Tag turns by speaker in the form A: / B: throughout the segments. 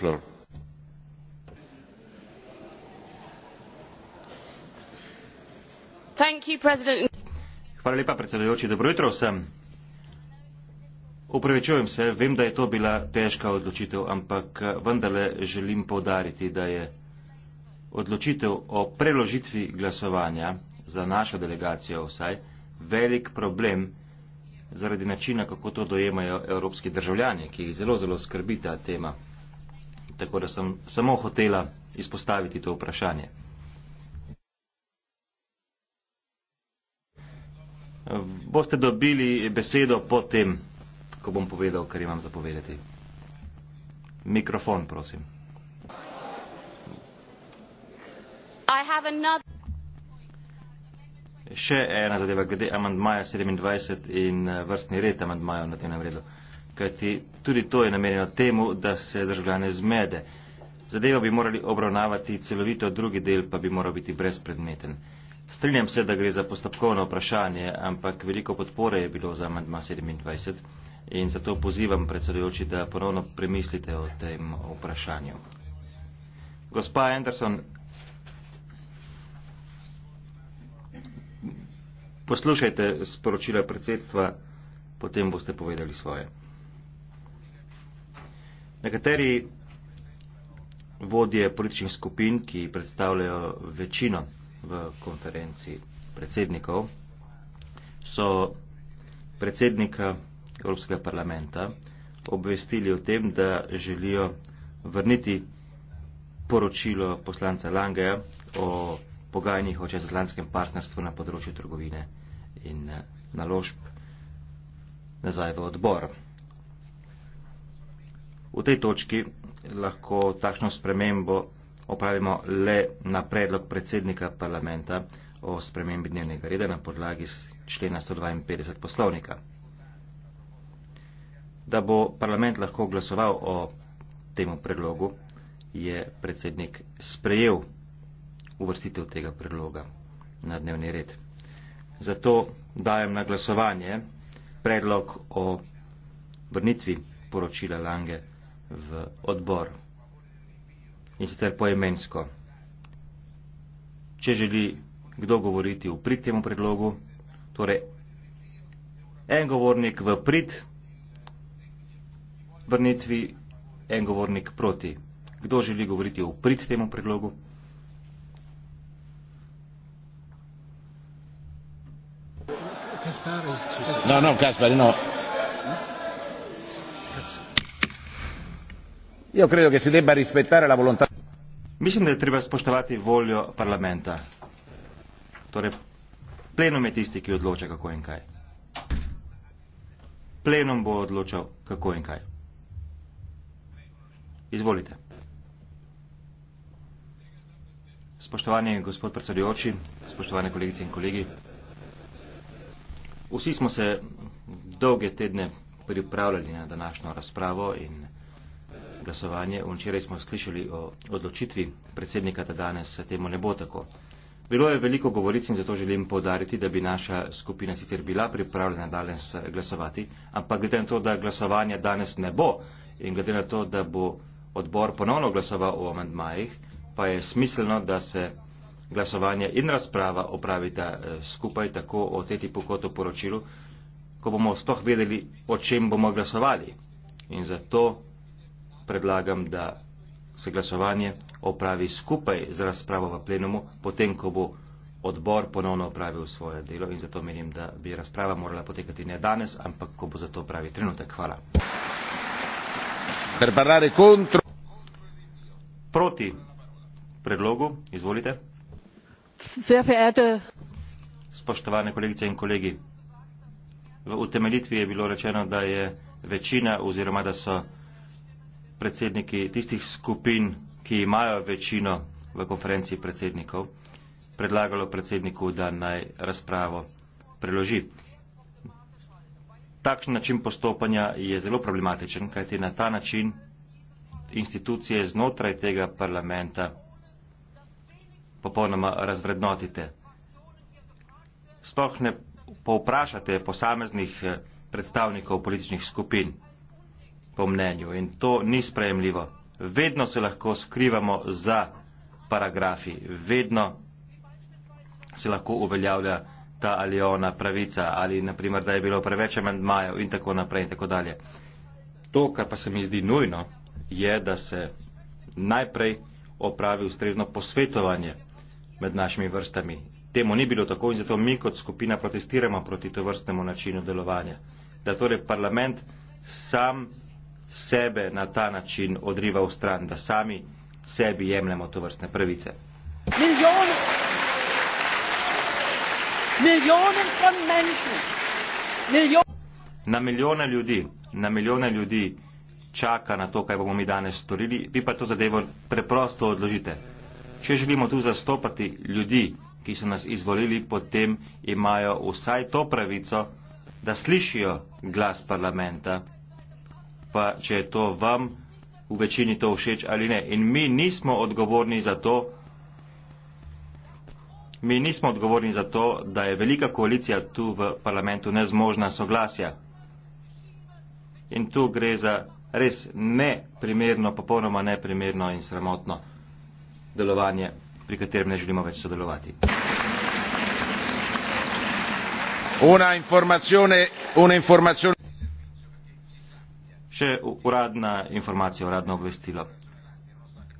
A: floor. Hvala lepa, predsedujoči. Dobro jutro vsem. Upravičujem se, vem, da je to bila težka odločitev, ampak eh, vendarle želim povdariti, da je odločitev o preložitvi glasovanja za našo delegacijo vsaj velik problem zaradi načina, kako to dojemajo evropski državljani, ki jih zelo, zelo skrbi ta tema tako da sem samo hotela izpostaviti to vprašanje. Boste dobili besedo potem, ko bom povedal, kar imam zapovedati. Mikrofon, prosim. Še ena zadeva glede amandmaja 27 in eh, vrstni red amandmaja na tem redu kajti tudi to je namenjeno temu, da se državljane zmede. Zadevo bi morali obravnavati celovito, drugi del pa bi moral biti brezpredmeten. Strinjam se, da gre za postopkovno vprašanje, ampak veliko podpore je bilo za amandma 27 in zato pozivam predsedujoči, da ponovno premislite o tem vprašanju. Gospa Anderson, poslušajte sporočila predsedstva, potem boste povedali svoje. Nekateri vodje političnih skupin, ki predstavljajo večino v konferenci predsednikov, so predsednika Evropskega parlamenta obvestili o tem, da želijo vrniti poročilo poslanca Langeja o pogajanjih o čezatlantskem partnerstvu na področju trgovine in naložb nazaj v odbor. V tej točki lahko takšno spremembo opravimo le na predlog predsednika parlamenta o spremembi dnevnega reda na podlagi člena 152 poslovnika. Da bo parlament lahko glasoval o temu predlogu, je predsednik sprejel uvrstitev tega predloga na dnevni red. Zato dajem na glasovanje predlog o vrnitvi poročila Lange v odbor. In sicer poemensko. Če želi kdo govoriti v prid temu predlogu, torej en govornik v prid vrnitvi, en govornik proti. Kdo želi govoriti v prid temu predlogu? No, no, Kaspar, no. io credo che si debba rispettare la volontà mislim da treba spoštovati voljo parlamenta torej plenum je tisti ki odloča kako in kaj plenum bo odločal kako in kaj izvolite spoštovani gospod predsedujoči spoštovane kolegice in kolegi vsi smo se dolge tedne pripravljali na današnjo razpravo in glasovanje. Včeraj smo slišali o odločitvi predsednika, da danes temu ne bo tako. Bilo je veliko govoric in zato želim povdariti, da bi naša skupina sicer bila pripravljena danes eh, glasovati, ampak glede na to, da glasovanja danes ne bo in glede na to, da bo odbor ponovno glasoval o amandmajih, pa je smiselno, da se glasovanje in razprava opravita eh, skupaj tako o teti pokoto poročilu, ko bomo sploh vedeli, o čem bomo glasovali. In zato predlagam, da se glasovanje opravi skupaj z razpravo v plenumu, potem, ko bo odbor ponovno opravil svoje delo in zato menim, da bi razprava morala potekati ne danes, ampak ko bo za to pravi trenutek. Hvala. Proti predlogu, izvolite. Spoštovane kolegice in kolegi, v utemeljitvi je bilo rečeno, da je večina oziroma da so predsedniki tistih skupin, ki imajo večino v konferenciji predsednikov, predlagalo predsedniku, da naj razpravo preloži. Takšen način postopanja je zelo problematičen, kajti na ta način institucije znotraj tega parlamenta popolnoma razvrednotite. Sploh ne povprašate posameznih eh, predstavnikov političnih skupin po mnenju in to ni sprejemljivo. Vedno se lahko skrivamo za paragrafi, vedno se lahko uveljavlja ta ali ona pravica ali naprimer, da je bilo preveč amendmajev in tako naprej in tako dalje. To, kar pa se mi zdi nujno, je, da se najprej opravi ustrezno posvetovanje med našimi vrstami. Temu ni bilo tako in zato mi kot skupina protestiramo proti to vrstnemu načinu delovanja. Da torej parlament sam sebe na ta način odriva v stran, da sami sebi jemljamo to vrstne prvice. Milijon, milijone menšu, milijon... Na milijone ljudi, na milijone ljudi čaka na to, kaj bomo mi danes storili, vi pa to zadevo preprosto odložite. Če želimo tu zastopati ljudi, ki so nas izvolili, potem imajo vsaj to pravico, da slišijo glas parlamenta pa če je to vam v večini to všeč ali ne. In mi nismo odgovorni za to, mi nismo odgovorni za to, da je velika koalicija tu v parlamentu nezmožna soglasja. In tu gre za res neprimerno, popolnoma neprimerno in sramotno delovanje, pri katerem ne želimo več sodelovati. Una informazione, una informazione. Še uradna informacija, uradno obvestilo.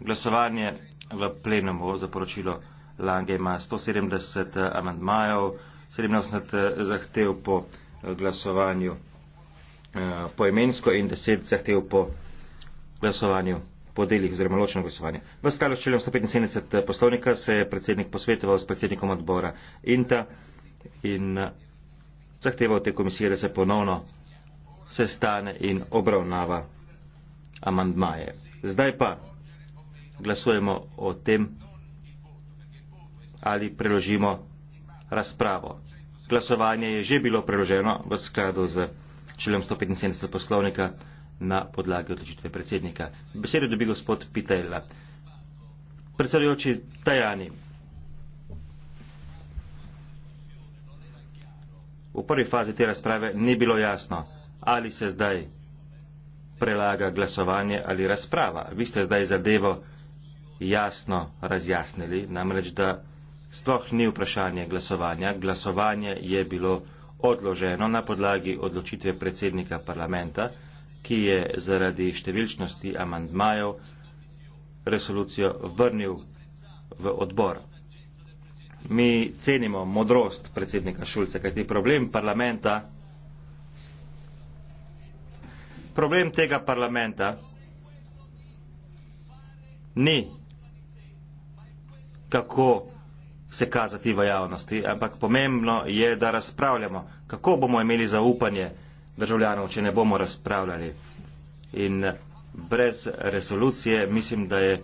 A: Glasovanje v plenumu za poročilo Lange ima 170 amantmajev, 17 zahtev po eh, glasovanju eh, poemensko in 10 zahtev po glasovanju po delih oziroma ločeno glasovanje. V skalo s členom 175 eh, poslovnika se je predsednik posvetoval s predsednikom odbora INTA in zahteval te komisije, da se ponovno se stane in obravnava amandmaje. Zdaj pa glasujemo o tem, ali preložimo razpravo. Glasovanje je že bilo preloženo v skladu z členom 175 poslovnika na podlagi odločitve predsednika. Besedo dobi gospod Pitella. Predsedujoči Tajani, v prvi fazi te razprave ni bilo jasno, ali se zdaj prelaga glasovanje ali razprava. Vi ste zdaj zadevo jasno razjasnili, namreč da sploh ni vprašanje glasovanja. Glasovanje je bilo odloženo na podlagi odločitve predsednika parlamenta, ki je zaradi številčnosti amandmajev resolucijo vrnil v odbor. Mi cenimo modrost predsednika Šulca, kajti problem parlamenta problem tega parlamenta ni, kako se kazati v javnosti, ampak pomembno je, da razpravljamo, kako bomo imeli zaupanje državljanov, če ne bomo razpravljali. In brez resolucije mislim, da je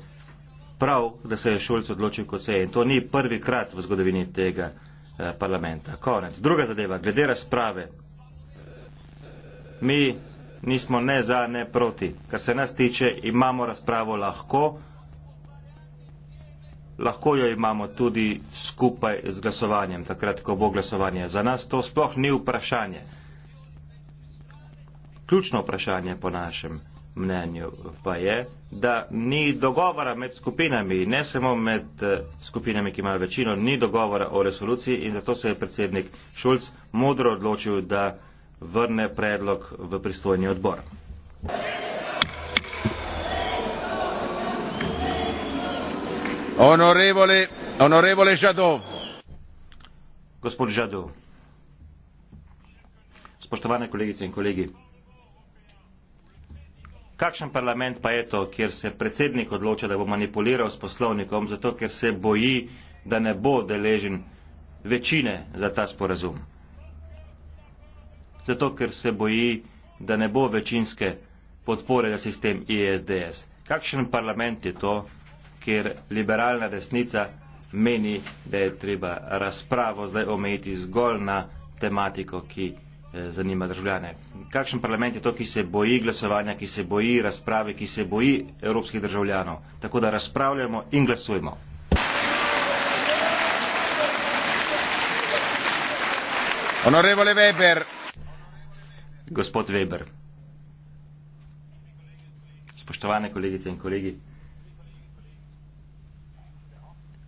A: prav, da se je Šulc odločil kot se je. In to ni prvi krat v zgodovini tega eh, parlamenta. Konec. Druga zadeva, glede razprave. Mi nismo ne za, ne proti. Kar se nas tiče, imamo razpravo lahko, lahko jo imamo tudi skupaj z glasovanjem, takrat, ko bo glasovanje. Za nas to sploh ni vprašanje. Ključno vprašanje po našem mnenju pa je, da ni dogovora med skupinami, ne samo med eh, skupinami, ki imajo večino, ni dogovora o resoluciji in zato se je predsednik Šulc modro odločil, da vrne predlog v pristojni odbor. Onorevole, onorevole Žado. Gospod Žado, spoštovane kolegice in kolegi, kakšen parlament pa je to, kjer se predsednik odloča, da bo manipuliral s poslovnikom, zato ker se boji, da ne bo deležen večine za ta sporazum? zato ker se boji, da ne bo večinske podpore za sistem ISDS. E Kakšen parlament je to, kjer liberalna desnica meni, da je treba razpravo zdaj omejiti zgolj na tematiko, ki eh, zanima državljane. Kakšen parlament je to, ki se boji glasovanja, ki se boji razprave, ki se boji evropskih državljanov? Tako da razpravljamo in glasujemo. Onorevole Weber. Gospod Weber. Spoštovane kolegice in kolegi.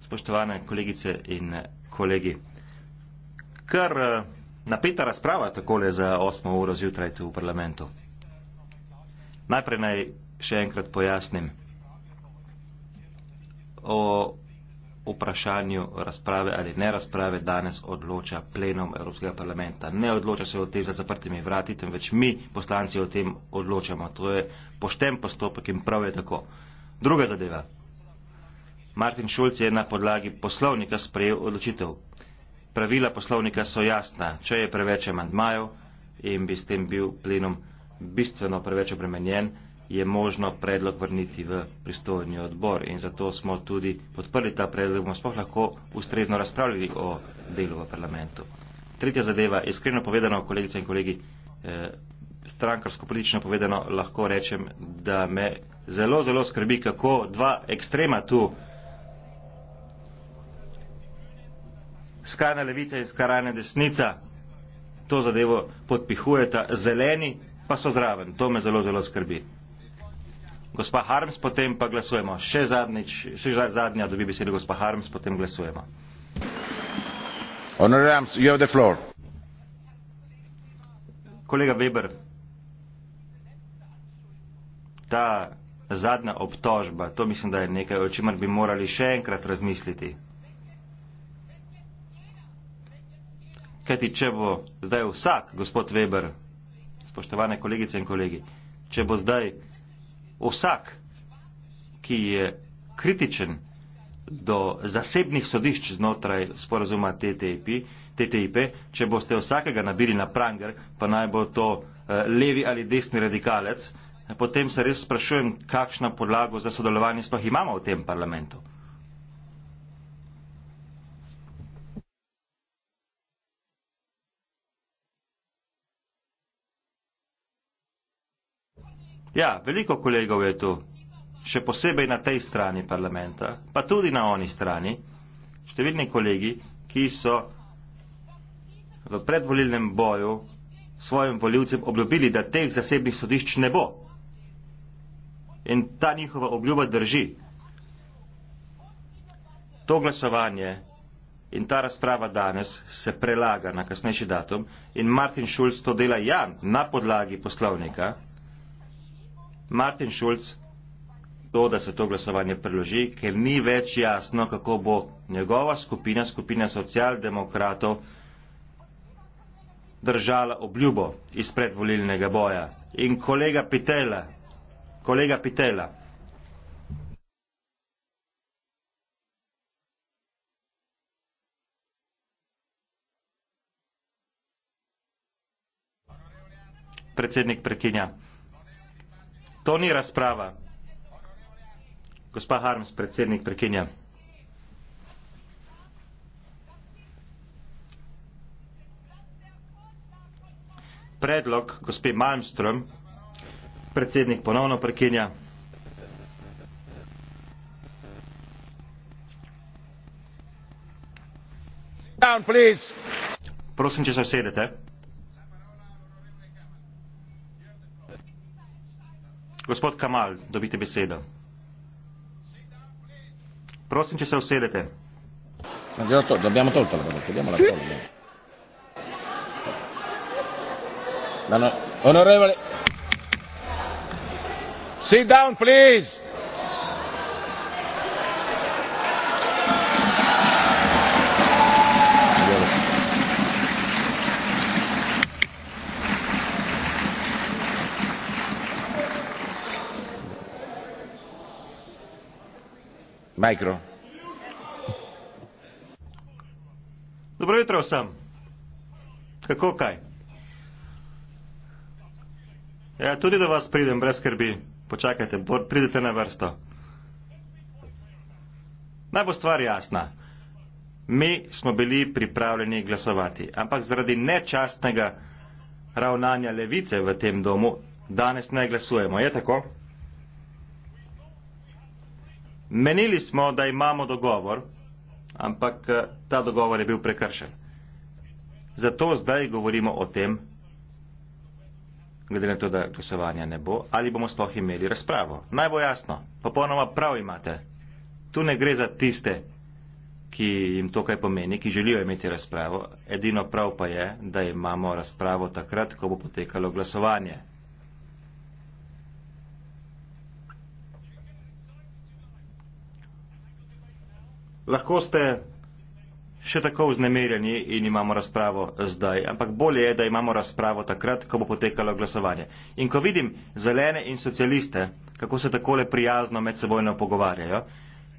A: Spoštovane kolegice in kolegi. Kar eh, napeta razprava takole za 8. uro zjutraj tu v parlamentu. Najprej naj še enkrat pojasnim. O vprašanju razprave ali ne razprave danes odloča plenom Evropskega parlamenta. Ne odloča se o tem za zaprtimi vrati, temveč mi, poslanci, o tem odločamo. To je pošten postopek in prav je tako. Druga zadeva. Martin Šulc je na podlagi poslovnika sprejel odločitev. Pravila poslovnika so jasna, če je preveč amandmajev in bi s tem bil plenom bistveno preveč obremenjen je možno predlog vrniti v pristojni odbor in zato smo tudi podprli ta predlog, bomo sploh lahko ustrezno razpravljali o delu v parlamentu. Tretja zadeva, iskreno povedano, kolegice in kolegi, eh, strankarsko politično povedano, lahko rečem, da me zelo, zelo skrbi, kako dva ekstrema tu, skrajna levica in skrajna desnica, to zadevo podpihujeta, zeleni pa so zraven. To me zelo, zelo skrbi gospa Harms, potem pa glasujemo. Še, zadnič, še zadnja dobi besedo gospa Harms, potem glasujemo. Honorams, you have the floor. Kolega Weber, ta zadnja obtožba, to mislim, da je nekaj, o čemer bi morali še enkrat razmisliti. Kajti, če bo zdaj vsak, gospod Weber, spoštovane kolegice in kolegi, če bo zdaj vsak, ki je kritičen do zasebnih sodišč znotraj sporazuma TTIP, TTIP če boste vsakega nabili na pranger, pa naj bo to eh, levi ali desni radikalec, potem se res sprašujem, kakšna podlago za sodelovanje sploh imamo v tem parlamentu. Ja, veliko kolegov je tu, še posebej na tej strani parlamenta, pa tudi na oni strani, številni kolegi, ki so v predvolilnem boju svojim voljivcem obljubili, da teh zasebnih sodišč ne bo. In ta njihova obljuba drži. To glasovanje in ta razprava danes se prelaga na kasnejši datum in Martin Šulc to dela jan na podlagi poslovnika. Martin Schulz to, da se to glasovanje preloži, ker ni več jasno, kako bo njegova skupina, skupina socialdemokratov, držala obljubo iz predvolilnega boja. In kolega Pitela, kolega Pitela. Predsednik prekinja. To ni razprava. Gospa Harms, predsednik, prekinja. Predlog gospe Malmström, predsednik, ponovno prekinja. Down, Prosim, če se usedete. Gospod Kamal, dobite besedo. Prosim, če se usedete. Ja, Honorable. Sit down, please. Dobro jutro vsem. Kako kaj? Ja, tudi do vas pridem, brez skrbi. Počakajte, pridete na vrsto. Naj bo stvar jasna. Mi smo bili pripravljeni glasovati, ampak zaradi nečastnega ravnanja levice v tem domu danes ne glasujemo. Je tako? Menili smo, da imamo dogovor, ampak eh, ta dogovor je bil prekršen. Zato zdaj govorimo o tem, glede na to, da glasovanja ne bo, ali bomo sploh imeli razpravo. Naj bo jasno, popolnoma prav imate. Tu ne gre za tiste, ki jim to kaj pomeni, ki želijo imeti razpravo. Edino prav pa je, da imamo razpravo takrat, ko bo potekalo glasovanje. lahko ste še tako vznemirjeni in imamo razpravo zdaj, ampak bolje je, da imamo razpravo takrat, ko bo potekalo glasovanje. In ko vidim zelene in socialiste, kako se takole prijazno med sebojno pogovarjajo,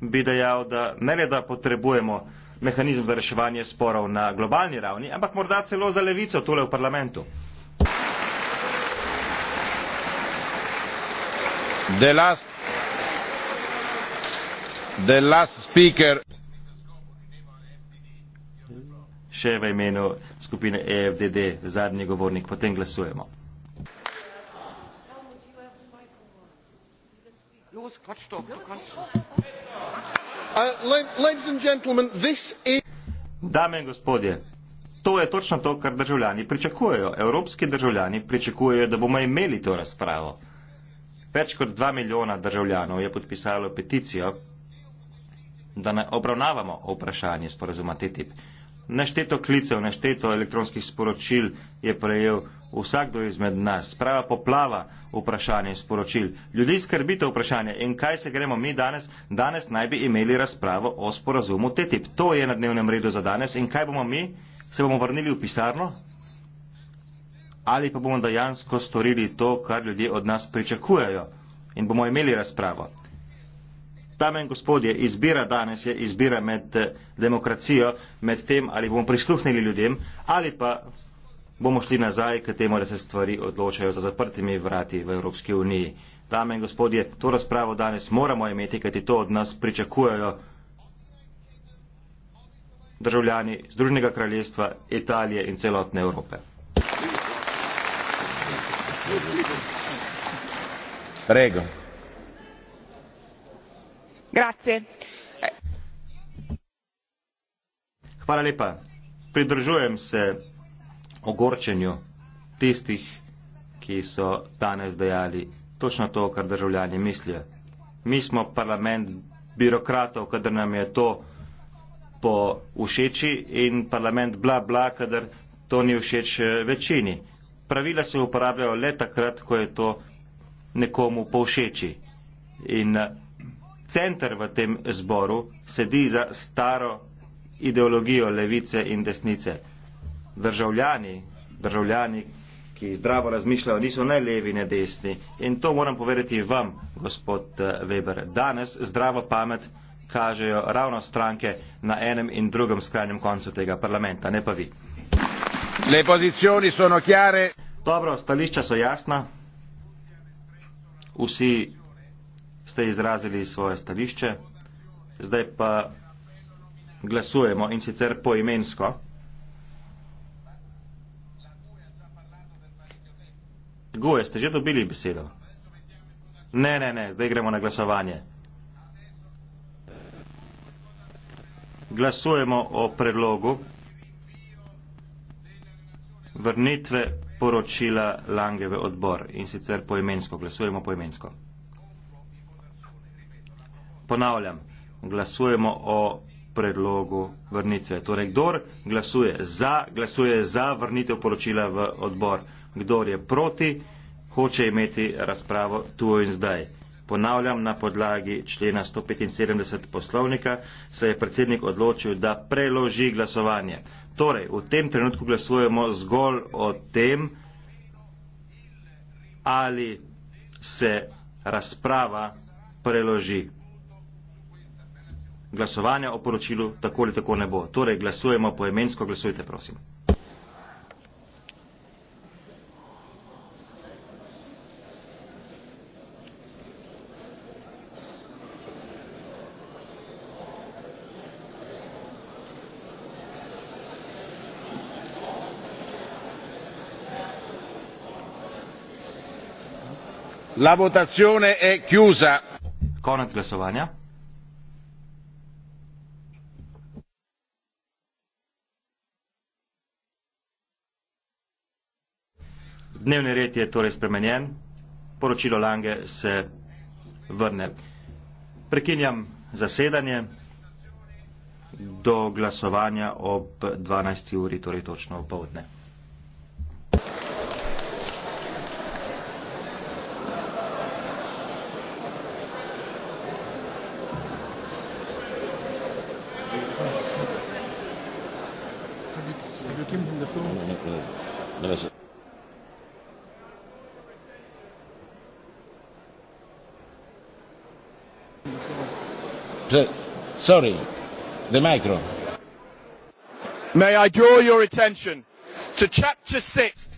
A: bi dejal, da ne le da potrebujemo mehanizem za reševanje sporov na globalni ravni, ampak morda celo za levico tole v parlamentu. The last, the last speaker. še v imenu skupine EFDD zadnji govornik, potem glasujemo. Uh, Dame in gospodje, to je točno to, kar državljani pričakujejo. Evropski državljani pričakujejo, da bomo imeli to razpravo. Več kot dva milijona državljanov je podpisalo peticijo, da ne obravnavamo vprašanje sporazuma TTIP. Nešteto klicev, nešteto elektronskih sporočil je prejel vsakdo izmed nas. Prava poplava vprašanje in sporočil. Ljudi skrbi to vprašanje in kaj se gremo mi danes? Danes naj bi imeli razpravo o sporazumu TTIP. To je na dnevnem redu za danes in kaj bomo mi? Se bomo vrnili v pisarno? Ali pa bomo dejansko storili to, kar ljudje od nas pričakujejo in bomo imeli razpravo? Dame in gospodje, izbira danes je izbira med eh, demokracijo, med tem, ali bomo prisluhnili ljudem, ali pa bomo šli nazaj k temu, da se stvari odločajo za zaprtimi vrati v Evropski uniji. Dame in gospodje, to razpravo danes moramo imeti, kajti to od nas pričakujejo državljani Združenega kraljestva, Italije in celotne Evrope. Rego. Hvala lepa. Pridržujem se ogorčenju tistih, ki so danes dejali točno to, kar državljani mislijo. Mi smo parlament birokratov, kadar nam je to po všeči in parlament bla bla, kadar to ni všeč eh, večini. Pravila se uporabljajo le takrat, ko je to nekomu po všeči. In eh, center v tem zboru sedi za staro ideologijo levice in desnice. Državljani, državljani, ki zdravo razmišljajo, niso ne levi, ne desni. In to moram povedati vam, gospod eh, Weber. Danes zdravo pamet kažejo ravno stranke na enem in drugem skrajnem koncu tega parlamenta, ne pa vi. Le pozicioni sono chiare. Dobro, stališča so jasna. Vsi ste izrazili svoje stališče. Zdaj pa glasujemo in sicer poimensko. Guje, ste že dobili besedo? Ne, ne, ne, zdaj gremo na glasovanje. Glasujemo o predlogu vrnitve poročila Langeve odbor in sicer poimensko. Glasujemo poimensko ponavljam, glasujemo o predlogu vrnitve. Torej, kdor glasuje za, glasuje za vrnitev poročila v odbor. Kdor je proti, hoče imeti razpravo tu in zdaj. Ponavljam, na podlagi člena 175 poslovnika se je predsednik odločil, da preloži glasovanje. Torej, v tem trenutku glasujemo zgolj o tem, ali se razprava preloži glasovanja o poročilu tako ali tako ne bo. Torej, glasujemo poemensko, glasujte prosim. La votazione è chiusa. Konec glasovanja. Dnevni red je torej spremenjen, poročilo Lange se vrne. Prekinjam zasedanje do glasovanja ob 12. uri, torej točno v povdne. sorry, the micro. May I draw your attention to chapter 6